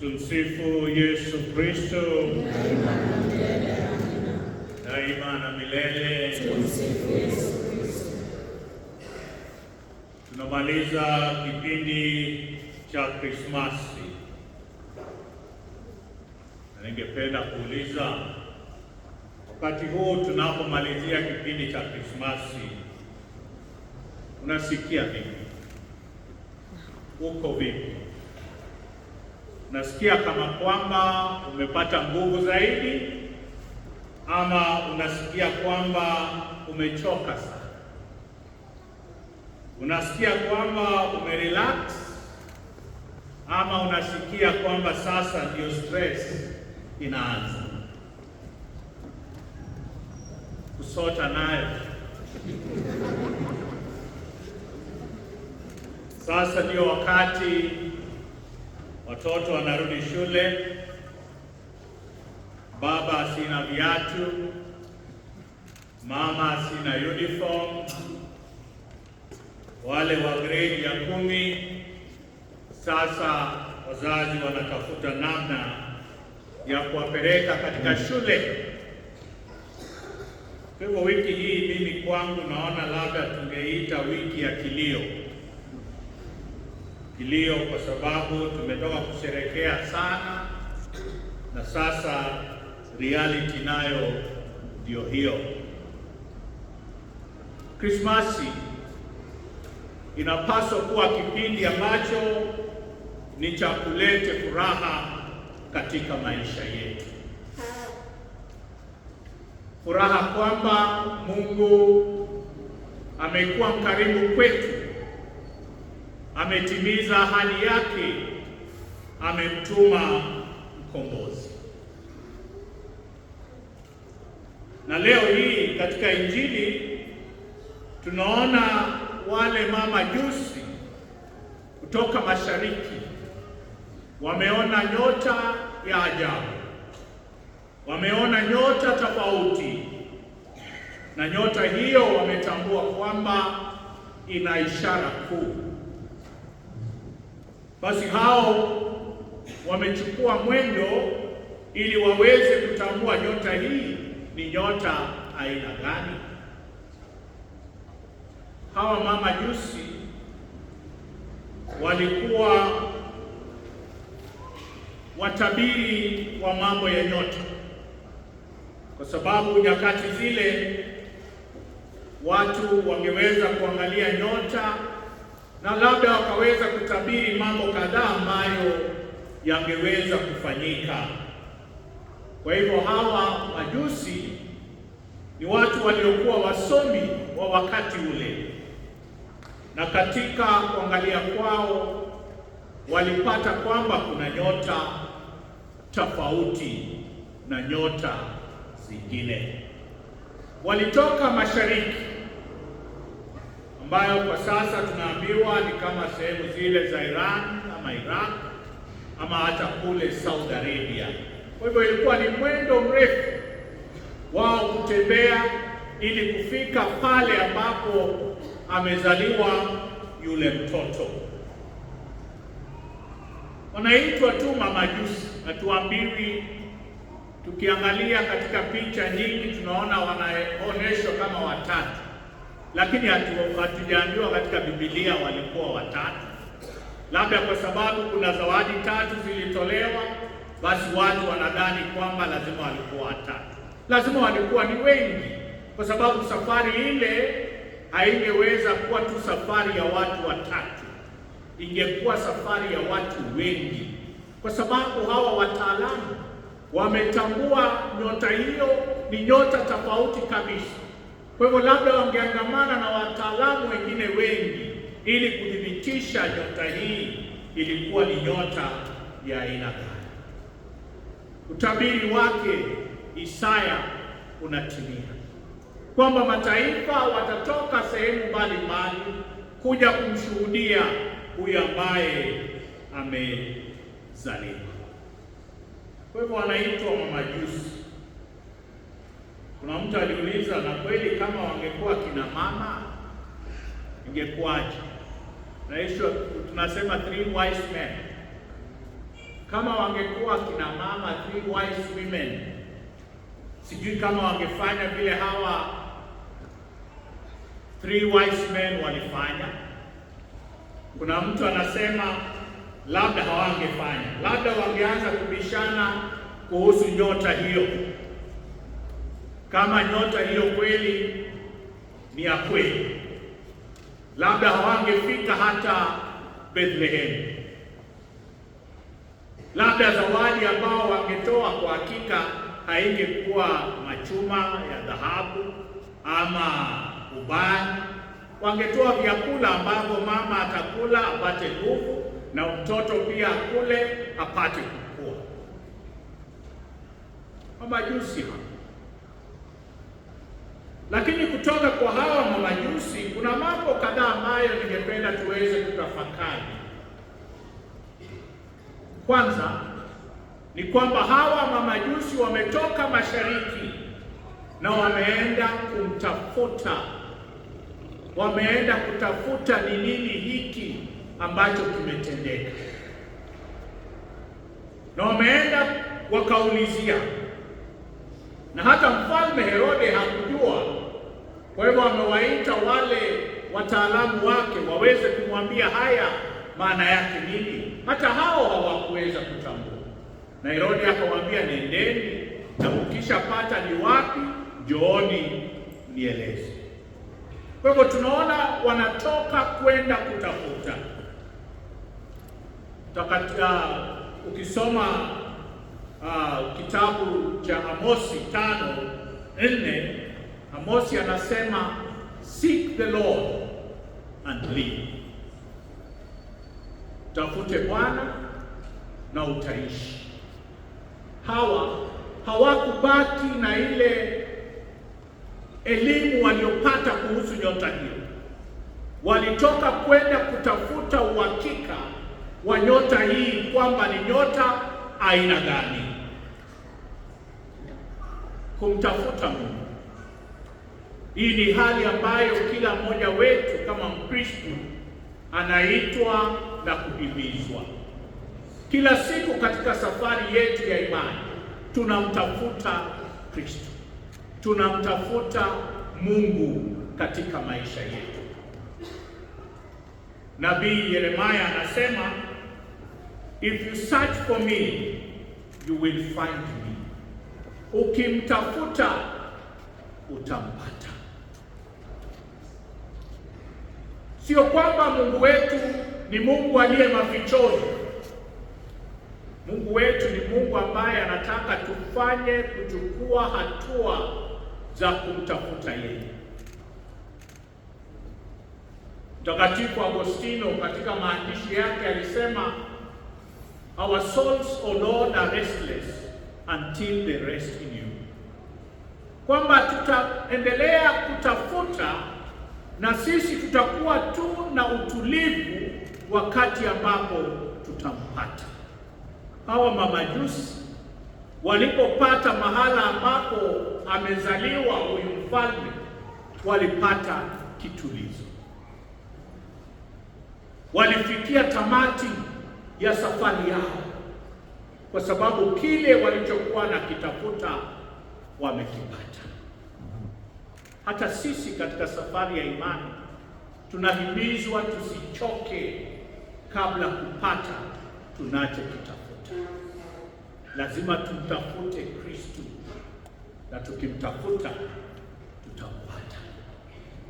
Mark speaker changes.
Speaker 1: Tumsifu Yesu Kristo. Daima na milele. Tunamaliza kipindi cha Krismasi. Ningependa kuuliza wakati huu tunapomalizia kipindi cha Krismasi, unasikia vipi? Uko vipi? unasikia kama kwamba umepata nguvu zaidi, ama unasikia kwamba umechoka sana, unasikia kwamba umerelax, ama unasikia kwamba sasa ndio stress inaanza kusota nayo sasa ndio wakati watoto wanarudi shule, baba sina viatu, mama sina uniform. Wale wa grade ya kumi, sasa wazazi wanatafuta namna ya kuwapeleka katika shule. Kwa hivyo wiki hii mimi kwangu naona labda tungeita wiki ya kilio kilio kwa sababu tumetoka kusherekea sana, na sasa reality nayo ndio hiyo. Krismasi inapaswa kuwa kipindi ambacho ni cha kulete furaha katika maisha yetu, furaha kwamba Mungu amekuwa mkaribu kwetu ametimiza ahadi yake, amemtuma mkombozi. Na leo hii katika Injili tunaona wale mama jusi kutoka mashariki wameona nyota ya ajabu, wameona nyota tofauti, na nyota hiyo wametambua kwamba ina ishara kuu basi hao wamechukua mwendo ili waweze kutambua nyota hii ni nyota aina gani. Hawa mama jusi walikuwa watabiri wa mambo ya nyota, kwa sababu nyakati zile watu wangeweza kuangalia nyota na labda wakaweza kutabiri mambo kadhaa ambayo yangeweza kufanyika. Kwa hivyo hawa majusi ni watu waliokuwa wasomi wa wakati ule, na katika kuangalia kwao walipata kwamba kuna nyota tofauti na nyota zingine. Walitoka mashariki ambayo kwa sasa tunaambiwa ni kama sehemu zile za Iran ama Iraq ama hata kule Saudi Arabia. Kwa hivyo ilikuwa ni mwendo mrefu wao kutembea ili kufika pale ambapo amezaliwa yule mtoto. Wanaitwa tu mamajusi, hatuambiwi. Tukiangalia katika picha nyingi, tunaona wanaonyeshwa kama watatu lakini hatujaambiwa katika Biblia walikuwa watatu, labda kwa sababu kuna zawadi tatu zilitolewa, basi watu wanadhani kwamba lazima walikuwa watatu. Lazima walikuwa ni wengi, kwa sababu safari ile haingeweza kuwa tu safari ya watu watatu, ingekuwa safari ya watu wengi, kwa sababu hawa wataalamu wametambua nyota hiyo ni nyota tofauti kabisa kwa hivyo labda wangeangamana na wataalamu wengine wengi ili kuthibitisha nyota hii ilikuwa ni nyota ya aina gani. Utabiri wake Isaya unatimia kwamba mataifa watatoka sehemu mbalimbali kuja kumshuhudia huyu ambaye amezaliwa. Kwa hivyo wanaitwa mamajusi. Kuna mtu aliuliza, na kweli kama wangekuwa kina mama ingekuwaje? Na Yesu tunasema three wise men. Kama wangekuwa kina mama three wise women, sijui kama wangefanya vile hawa three wise men walifanya. Kuna mtu anasema labda hawangefanya, labda wangeanza kubishana kuhusu nyota hiyo kama nyota hiyo kweli ni ya kweli, labda hawangefika hata Bethlehem. Labda zawadi ambao wangetoa kwa hakika haingekuwa machuma ya dhahabu ama ubani. Wangetoa vyakula ambavyo mama atakula apate nguvu, na mtoto pia akule apate kukua. Mamajusi lakini kutoka kwa hawa mamajusi kuna mambo kadhaa ambayo ningependa tuweze kutafakari. Kwanza ni kwamba hawa mamajusi wametoka mashariki na wameenda kumtafuta, wameenda kutafuta ni nini hiki ambacho kimetendeka, na wameenda wakaulizia, na hata mfalme Herode haku kwa hivyo amewaita wale wataalamu wake waweze kumwambia haya maana yake nini. Hata hao hawakuweza kutambua. Na Herode akawaambia, nendeni na ukishapata ni wapi, njooni nieleze. Kwa hivyo tunaona wanatoka kwenda kutafuta Takatika. Uh, ukisoma uh, kitabu cha Amosi tano nne Amosi anasema seek the Lord and live, tafute Bwana na utaishi. Hawa hawakubaki na ile elimu waliopata kuhusu nyota hiyo, walitoka kwenda kutafuta uhakika wa nyota hii kwamba ni nyota aina gani, kumtafuta Mungu hii ni hali ambayo kila mmoja wetu kama Mkristo anaitwa na kuhimizwa kila siku katika safari yetu ya imani. Tunamtafuta Kristo, tunamtafuta Mungu katika maisha yetu. Nabii Yeremia anasema, if you search for me you will find me, ukimtafuta utampata. Sio kwamba Mungu wetu ni Mungu aliye mafichoni. Mungu wetu ni Mungu ambaye anataka tufanye kuchukua hatua za kumtafuta yeye. Mtakatifu Agostino katika maandishi yake alisema, our souls O Lord are restless until they rest in you, kwamba tutaendelea kutafuta na sisi tutakuwa tu na utulivu wakati ambapo tutampata. Hawa mamajusi walipopata mahala ambapo amezaliwa huyu mfalme, walipata kitulizo. Walifikia tamati ya safari yao, kwa sababu kile walichokuwa na kitafuta wamekipata. Hata sisi katika safari ya imani tunahimizwa tusichoke kabla kupata tunachokitafuta. Lazima tumtafute Kristu, na tukimtafuta